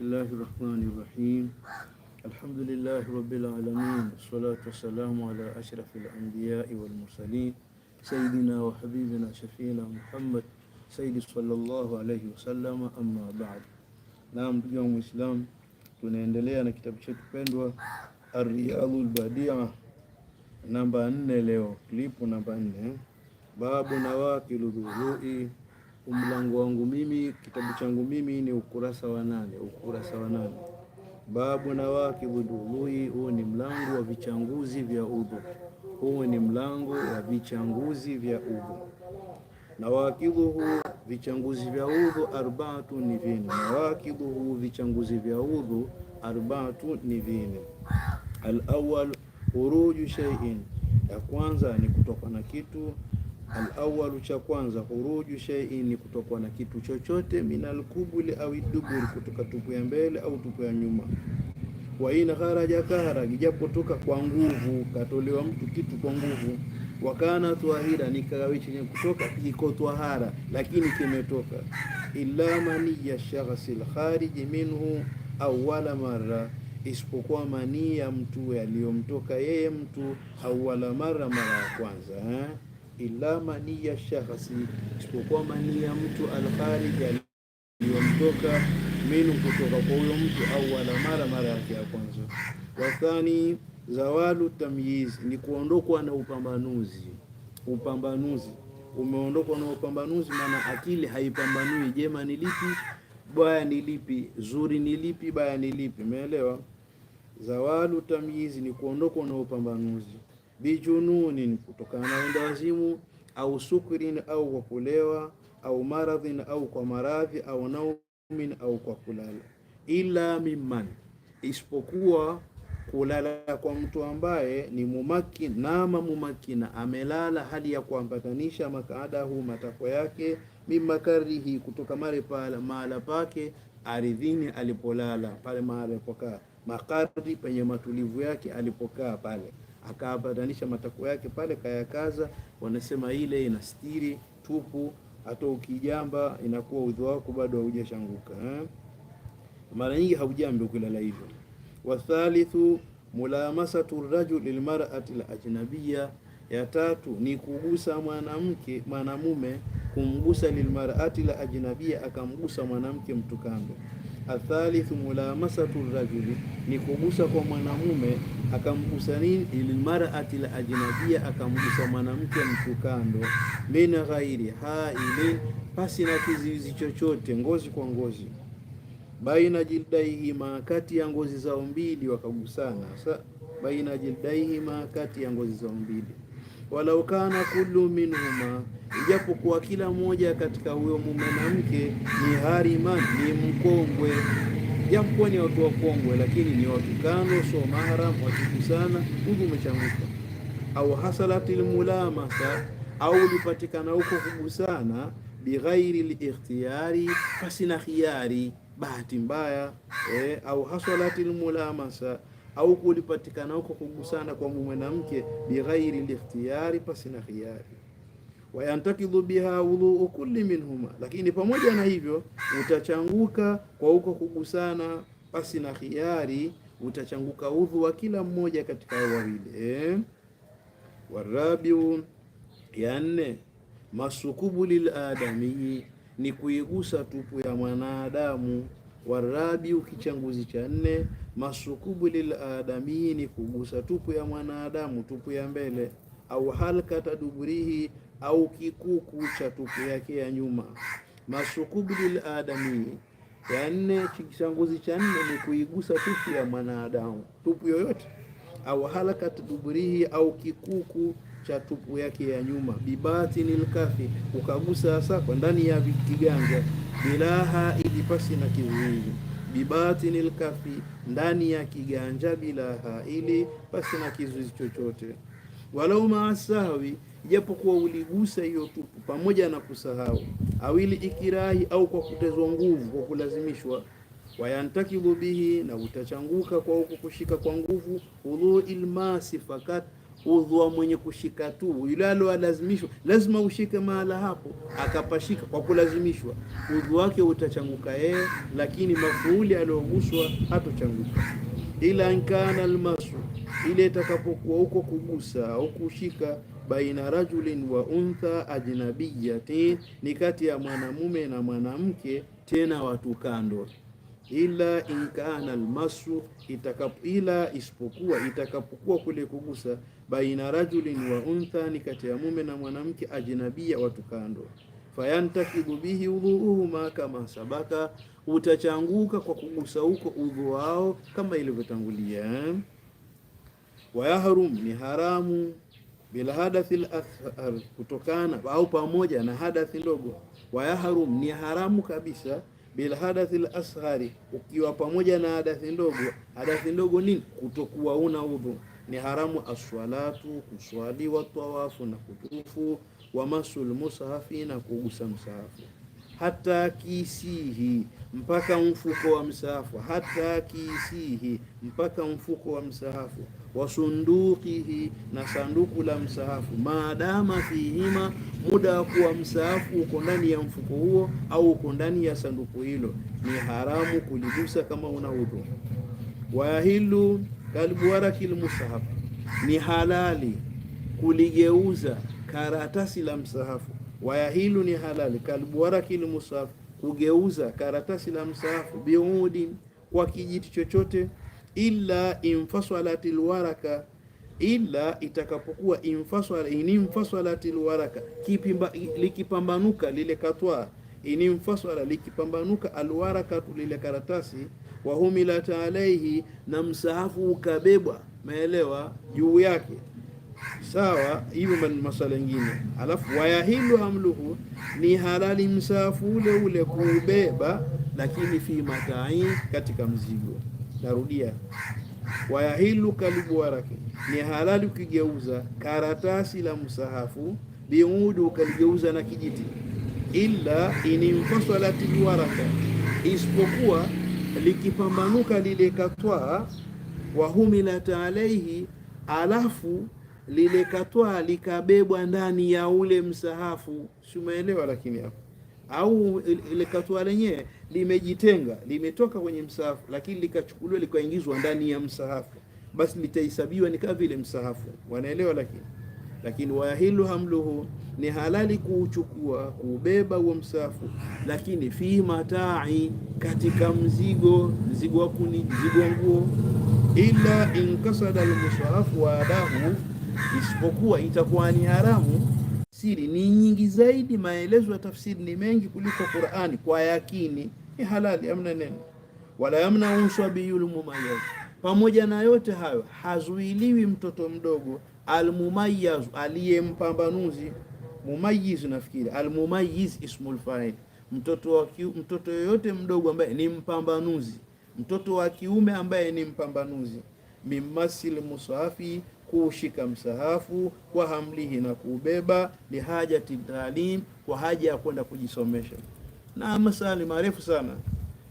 بسم الله الرحمن الرحيم الحمد لله رب العالمين والصلاة والسلام على أشرف الأنبياء والمرسلين سيدنا وحبيبنا شفينا محمد سيد صلى الله عليه وسلم أما بعد نعم اليوم الإسلام Uislamu tunaendelea na kitabu بندوا pendwa Ar-Riyadul Badia namba 4 leo klipu namba 4 babu Mlango wangu mimi, kitabu changu mimi ni ukurasa wa nane, ukurasa wa nane. Babu na wakibudului, huu ni mlango wa vichanguzi vya udhu. Huu ni mlango wa vichanguzi vya udhu. Na huu vichanguzi vya udhu arbaatu ni vine. Na huu vichanguzi vya udhu arbaatu ni vine. Al huruju khuruju shay'in, ya kwanza ni kutoka na kitu Alawalu, cha kwanza, khuruju shay'in ni kutokuwa na kitu chochote, minal kubuli au duburi, kutoka tupu ya mbele au tupu ya nyuma. Wa in kharaja kahara, ijapotoka kwa nguvu, katolewa mtu kitu kwa nguvu. Wakana ni nikawe chenye kutoka kiko twahara, lakini kimetoka. Illa maniya shakhsi alkhariji minhu awwala marra, isipokuwa manii ya mtu yaliyomtoka yeye mtu awwala marra, mara ya kwanza eh? illa maniya shakhsi, isipokuwa mania ya mtu alkharija aliyotoka minu kutoka kwa huyo mtu, au wala mara mara yake ya kwanza. thani zawalu tamyiz, ni kuondokwa na upambanuzi. Upambanuzi umeondokwa na upambanuzi, maana akili haipambanui jema ni lipi, baya ni lipi, zuri ni lipi, baya ni lipi. Umeelewa? Zawalu tamyiz ni kuondokwa na upambanuzi bijununin, kutokana na wendawazimu, au sukrin, au kwa kulewa, au maradhin, au kwa maradhi, au naumin, au kwa kulala. Ila mimman, isipokuwa kulala kwa mtu ambaye ni mumaki nama mumakina, amelala hali ya kuambatanisha makaadahu, matakwa yake, mimakarihi, kutoka pala mahala pake aridhini, alipolala pale mahala alipokaa, makari penye matulivu yake alipokaa pale akabadilisha matako yake pale kayakaza. Wanasema ile inastiri tupu, hata ukijamba inakuwa udhu wako bado haujashanguka eh? Mara nyingi haujambi ukilala hivyo. Wathalithu mulamasatu rajul lilmarati alajnabiyya, ya tatu ni kugusa mwanamke mwanamume kumgusa lilmarati alajnabiyya, akamgusa mwanamke mtukando athalithu mulamasatu rajuli, ni kugusa kwa mwanamume akamgusa nini, ilmarati la ajnabia, akamgusa mwanamke mtu kando, min ghairi hailin, pasi na kizuizi chochote, ngozi kwa ngozi, baina jildaihima, kati ya ngozi zao mbili wakagusana. Sa baina jildaihima, kati ya ngozi zao mbili walau kana kullu minhuma, ijapokuwa kila mmoja katika huyo mume na mke ni hariman, ni mkongwe, japokuwa ni watu wakongwe, lakini ni watu kando, so mahram, wakikusana uji umechanguka. Au hasalatil mulamasa, au ulipatikana huko kugusana, bighairi likhtiyari, pasina khiyari, bahati mbaya eh, au hasalatil mulamasa au kulipatikana huko kugusana kwa mwanamke bighairi likhtiyari, pasi na khiyari. wayantakidhu biha wudhuu kulli minhuma, lakini pamoja na hivyo utachanguka kwa huko kugusana pasi na khiyari, utachanguka udhu wa kila mmoja katika hao wawili eh? Warabiu, ya nne masukubu liladamii, ni kuigusa tupu ya mwanadamu warabiu kichanguzi cha nne, masukubu lil adami ni kugusa tupu ya mwanadamu tupu ya mbele, au halkata duburihi au kikuku cha tupu yake ya nyuma. Masukubu lil adami ya nne, kichanguzi cha nne ni kuigusa tupu ya mwanadamu tupu yoyote, au halkata duburihi au kikuku cha tupu yake ya nyuma, bibatinil kafi, ukagusa hasa kwa ndani ya kiganja, bilaha, ili pasi na kizuizi bibatinil kafi, ndani ya kiganja, bilaha, ili pasi na kizuizi chochote, walau maasahwi ijapokuwa uligusa hiyo tupu pamoja na kusahau, awili ikirahi au kwa kutezwa nguvu, kwa kulazimishwa, wayantakibu bihi, na utachanguka kwa huku kushika kwa nguvu, hudhu ilmasi fakat udhwa mwenye kushika tu yule alolazimishwa, lazima ushike mahala hapo, akapashika kwa kulazimishwa, udhu wake utachanguka yeye, lakini mafuuli alioguswa hatochanguka. Ila ankana almasu, ile itakapokuwa huko kugusa au kushika baina rajulin wa untha ajnabiyatin, ni kati ya mwanamume na mwanamke, tena watu kando ila inkana almasu itakapo, ila isipokuwa itakapokuwa kule kugusa baina rajulin wa untha, ni kati ya mume na mwanamke, ajnabia, watu kando. Fayantakibu bihi udhuuhuma kama sabaka, utachanguka kwa kugusa huko udhu wao kama ilivyotangulia. Wayahrum, ni haramu bila hadathi al athar kutokana au pamoja na hadathi ndogo. wayahrum ni haramu kabisa bila hadathi al-asghari, ukiwa pamoja na hadathi ndogo. Hadathi ndogo nini? Kutokuwa una udhu ni haramu aswalatu, kuswali, tawafu na kutufu, wa masul mushafi, na kugusa msahafu, hata kisihi, mpaka mfuko wa msahafu, hata kisihi, mpaka mfuko wa msahafu, wa sundukihi, na sanduku la msahafu, maadama fihima, muda wa kuwa msahafu uko ndani ya mfuko huo au uko ndani ya sanduku hilo, ni haramu kuligusa kama una udhu wayahilu kalbu waraki lmushaf, ni halali kuligeuza karatasi la msahafu. Wayahilu ni halali kalbu waraki lmushaf, kugeuza karatasi la msahafu biudi kwa kijiti chochote, illa infasalatil waraka ila itakapokuwa infaswala inimfaswalatil waraka kipimba, likipambanuka lile katwa inimfaswala likipambanuka alwaraka tulile karatasi wa humilat alaihi, na msahafu ukabebwa, maelewa juu yake sawa. Hivyo masala ingine. Alafu wayahilu hamluhu, ni halali msahafu ule ule kuubeba, lakini fi matai, katika mzigo. Narudia, wayahilu kalibu waraki, ni halali ukigeuza karatasi la msahafu biudu, ukaligeuza na kijiti, illa inimfasalati waraka, isipokuwa likipambanuka lile katwa wahumilat alaihi, alafu lile katwaa likabebwa ndani ya ule msahafu. Si umeelewa? Lakini hapo au ile katwa lenyewe limejitenga, limetoka kwenye msahafu, lakini likachukuliwa likaingizwa ndani ya msahafu, basi litahesabiwa ni kama vile msahafu. Wanaelewa lakini lakini wayahilu hamluhu, ni halali kuuchukua kuubeba huo msafu, lakini fi matai, katika mzigo mzigo wa kuni mzigo nguo, ila inkasada almusarafu wa adahu, isipokuwa itakuwa ni haramu. Siri ni nyingi zaidi, maelezo ya tafsiri ni mengi kuliko Qur'ani. Kwa yakini ni halali, amna neno wala yamnau sabiyul mumayyiz. Pamoja na yote hayo, hazuiliwi mtoto mdogo aliye aliyempambanuzi. Mumayyiz nafikiri almumayyiz ismul fa'il, mtoto wa mtoto yoyote mdogo ambaye ni mpambanuzi, mtoto wa kiume ambaye ni mpambanuzi. Mimasil musafi kuushika msahafu, kwa hamlihi na kuubeba, lihajati taalim, kwa haja ya kwenda kujisomesha. Na masali marefu sana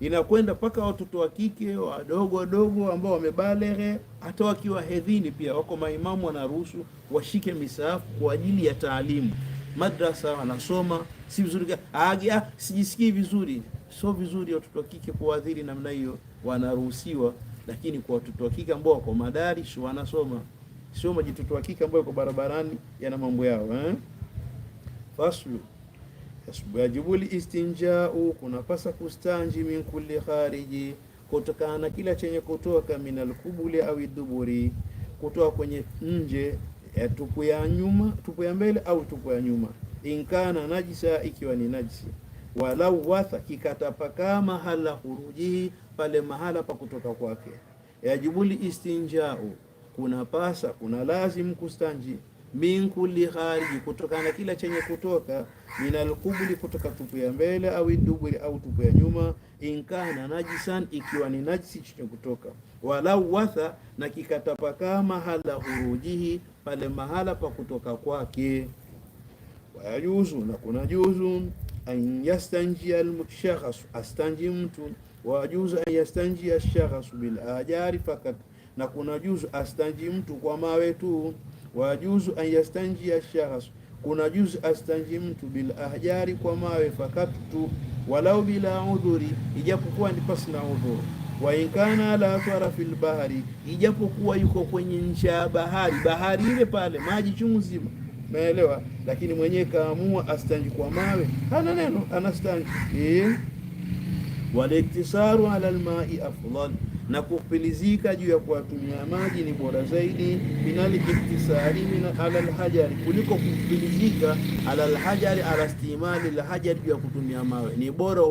inakwenda mpaka watoto wa kike wadogo wadogo ambao wamebaleghe, hata wakiwa hedhini pia wako maimamu wanaruhusu washike misahafu kwa ajili ya taalimu. Madrasa wanasoma, si vizuri aga, ah, sijisikii vizuri, sio vizuri watoto wa kike kuadhiri namna hiyo, wanaruhusiwa. Lakini kwa watoto wa kike ambao wako madari madarish wanasoma, sio majitoto wa kike ambao wako barabarani, yana mambo yao eh? Faslu yasbajibul istinjau, kunapasa kustanji min kulli khariji, kutokana na kila chenye kutoka min alqubuli au iduburi kutoka kwenye nje ya tupu ya nyuma, tupu ya mbele au tupu ya nyuma. Inkana najisa, ikiwa ni najisi. Walau watha, kikatapakaa mahala hurujihi, pale mahala pa kutoka kwake. Yajibuli istinjau, kunapasa kuna lazim kustanji min kulli khariji, kutokana kila chenye kutoka, minalkubuli, kutoka tupu ya mbele, au duburi, au tupu ya nyuma, inkana najisan, ikiwa ni najisi chenye kutoka, walau watha, na kikatapakaa mahala hurujihi, pale mahala pa kutoka kwake, wayajuzu, na kuna juzu an yastanjia almushakhasu, astanji mtu, wajuzu an yastanjia alshakhasu bil ajari fakat, na kuna juzu astanji mtu kwa mawe tu wajuzu an yastanjia shakhs, kuna juzu astanji mtu bil ahjari, kwa mawe fakatu, walau bila udhuri, ijapokuwa ni pasi na udhuru wa inkana ala athara fil bahari, ijapokuwa yuko kwenye ncha ya bahari, bahari ile pale maji chungu zima, naelewa Lakini mwenyewe kaamua astanji kwa mawe, hana neno, anastanji. Ee. Wal iktisaru ala almai afdal na kupilizika juu ya kuwatumia maji ni bora zaidi minali iktisari min ala alhajari, kuliko kupilizika ala alhajari ala istimali lhajari juu ya kutumia mawe. Ni bora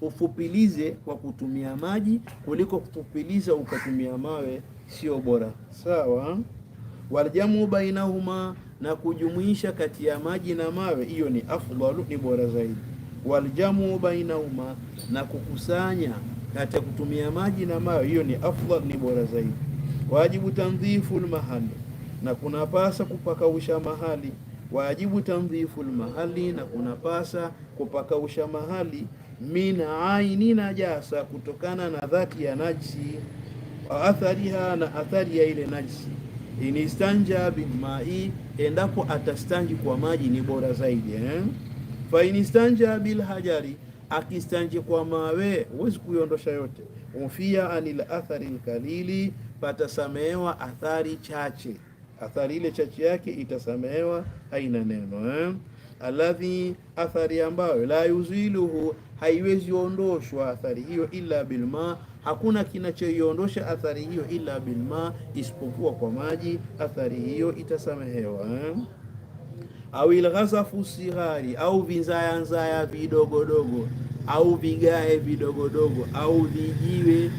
ufupilize kwa kutumia maji kuliko kufupiliza ukatumia mawe, sio bora. Sawa. waljamu bainahuma, na kujumuisha kati ya maji na mawe, hiyo ni afdalu, ni bora zaidi. waljamu bainahuma, na kukusanya kati ya kutumia maji na mayo hiyo ni afdal, ni bora zaidi. Wajibu tandhifu lmahali, na kunapasa kupakausha mahali. Wajibu tandhifu lmahali, na kunapasa kupakausha mahali min aini najasa, kutokana na dhati ya najsi, wa athariha, na athari ya ile najsi Inistanja bilmai, endapo atastanji kwa maji ni bora zaidi eh? Fainistanja bilhajari akistanje kwa mawe huwezi kuiondosha yote. Ufia anil athari lkalili, patasamehewa athari chache. Athari ile chache yake itasamehewa, haina neno eh? Aladhi, athari ambayo la yuziluhu, haiwezi ondoshwa athari hiyo illa bilma, hakuna kinachoiondosha athari hiyo ila bilma, isipokuwa kwa maji. Athari hiyo itasamehewa eh? au ilghasafu sighari au vinzaya nzaya vidogodogo au vigae vidogodogo au vijiwe,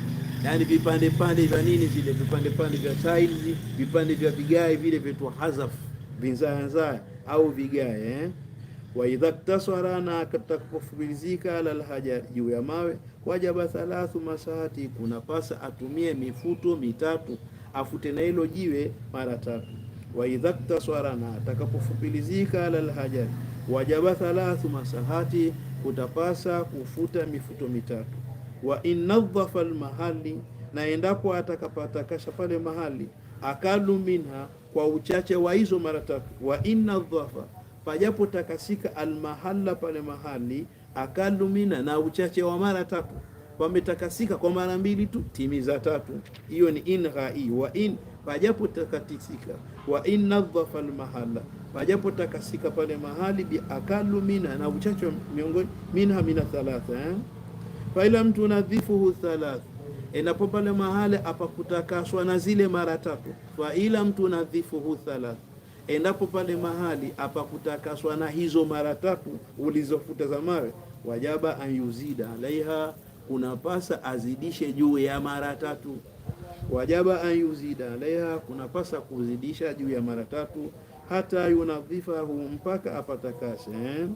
yani vipande pande vya nini, vile vipande pande vya tiles, vipande vya vigae vile vitu hazaf vinzaya nzaya au vigae eh? wa idha ktasara, na atakapofurizika ala alhaja, juu ya mawe, wajaba thalathu masati kuna pasa atumie mifuto mitatu, afute na hilo jiwe mara tatu wa idha ktaswara, na atakapofupilizika ala lhajari wajaba thalathu masahati, kutapasa kufuta mifuto mitatu. Wa in nadhafa almahali, na endapo atakapatakasha pale mahali akalu minha, kwa uchache wa hizo mara tatu. Wa in pajapo takasika almahala, pale mahali akalu minha, na uchache wa mara tatu, pametakasika kwa mara mbili tu, timiza tatu. Hiyo ni in ghai wa in takatisika wa innadhafa lmahala, pajapotakasika pale mahali, akalu mina, na uchacho miongoni, minha mina thalatha eh? failam tunadhifuhu thalath Enapo pale mahali apakutakaswa na zile mara tatu, fa ila mtu nadhifuhu thalath, endapo pale mahali apakutakaswa na hizo mara tatu ulizofuta za mawe, wajaba an yuzida alaiha, kunapasa azidishe juu ya mara tatu wajaba an yuzida alaiha, kunapasa kuzidisha juu ya mara tatu, hata yunadhifahu, mpaka apatakashe eh?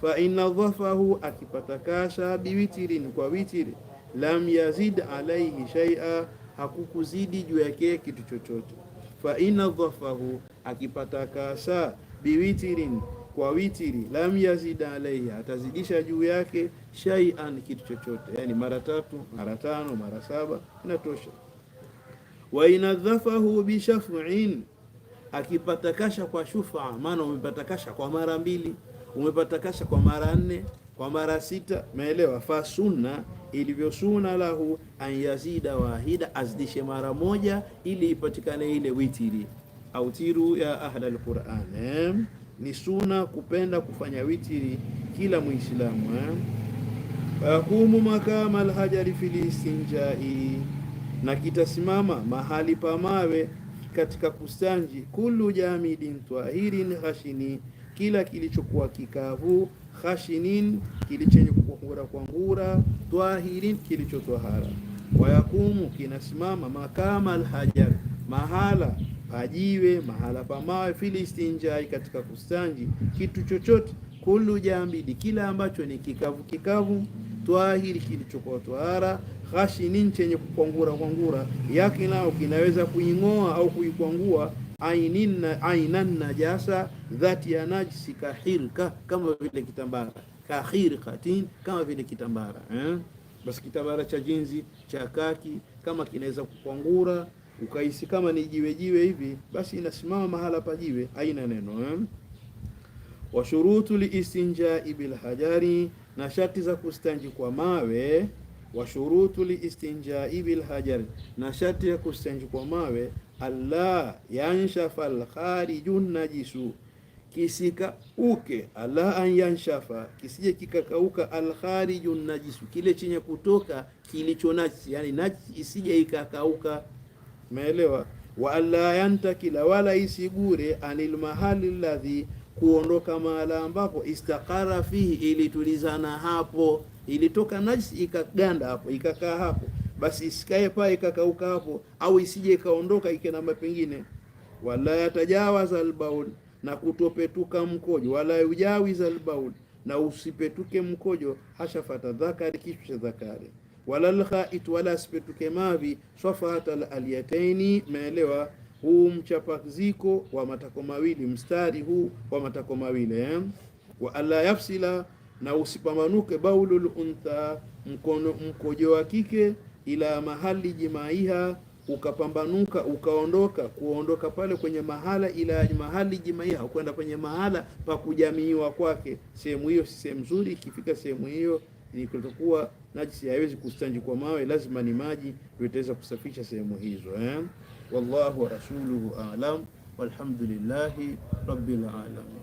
Fa inna dhafahu, akipatakasha biwitirin, kwa witiri, lam yazid alaihi shaia, hakukuzidi juu yake kitu chochote. fa dhafahu, akipatakasha biwitirin kwa witiri lam yazid alaihi, atazidisha juu yake shay'an, kitu chochote. Yani mara tatu, mara tano, mara saba inatosha wa inadhafahu bishaf'in, akipata kasha kwa shufa, maana umepata kasha kwa mara mbili, umepata kasha kwa mara nne, kwa mara sita, maelewa. Fa sunna ilivyo sunna lahu an yazida wahida, azidishe mara moja, ili ipatikane ile witiri au tiru ya ahla alquran. Eh, ni sunna kupenda kufanya witiri kila Muislamu eh. makama alhajari fil istinjai na kitasimama mahali pa mawe katika kustanji. Kullu jamidin twahirin khashini, kila kilichokuwa kikavu. Khashinin, kilichenye kungura kwa ngura. Twahirin, kilichotwahara. Wayakumu, kinasimama. Makama alhajar, mahala pajiwe, mahala pa mawe. Filistinjai, katika kustanji. Kitu chochote kullu jamidi, kila ambacho ni kikavu kikavu. Twahiri, kilichokuwa twahara ni ghashinin, yenye kukwangura kwangura, yake nayo kinaweza kuing'oa au kuikwangua ainan najasa, dhati ya najisi, kahirka, kama vile kitambara, kahirkatin, kama vile kitambara eh? Basi kitambara cha jinzi cha kaki kama kinaweza kukwangura ukahisi kama ni jiwe jiwe hivi, basi inasimama mahala pa jiwe, aina neno eh? wa shurutu liistinjai bilhajari, na sharti za kustanji kwa mawe wa shurutu liistinjai bilhajar na sharti ya kustenji kwa mawe. Allah yanshafa alkhariju najisu, kisikauke. Allah an yanshafa, kisije kikakauka. Alkhariju najisu, kile chenye kutoka kilicho najisi, yani najisi isije ikakauka. Umeelewa? wa alla yantakila, wala isigure anil mahali ladhi kuondoka mahala ambapo istakara fihi, ilitulizana hapo, ilitoka najisi ikaganda hapo ikakaa hapo, basi isikae paa ikakauka hapo, au isije ikaondoka ikenamba pengine. Wala yatajawaza albaul, na kutopetuka mkojo, wala yujawiza albaul, na usipetuke mkojo, hashafata dhakari, kichwa cha dhakari wala lkhait, wala asipetuke mavi, swafata alyataini, meelewa huu mchapaziko wa matako mawili, mstari huu wa matako mawili eh? wa alla yafsila, na usipamanuke baulul untha, mkono mkojo wa kike, ila mahali jimaiha, ukapambanuka ukaondoka, kuondoka pale kwenye mahala, ila mahali jimaiha, ukwenda kwenye mahala pa kujamiiwa kwake. Sehemu hiyo si sehemu nzuri, ikifika sehemu hiyo ni kutokuwa najisi, haiwezi kustanji kwa mawe, lazima ni maji ndio itaweza kusafisha sehemu hizo eh? والله ورسوله أعلم والحمد لله رب العالمين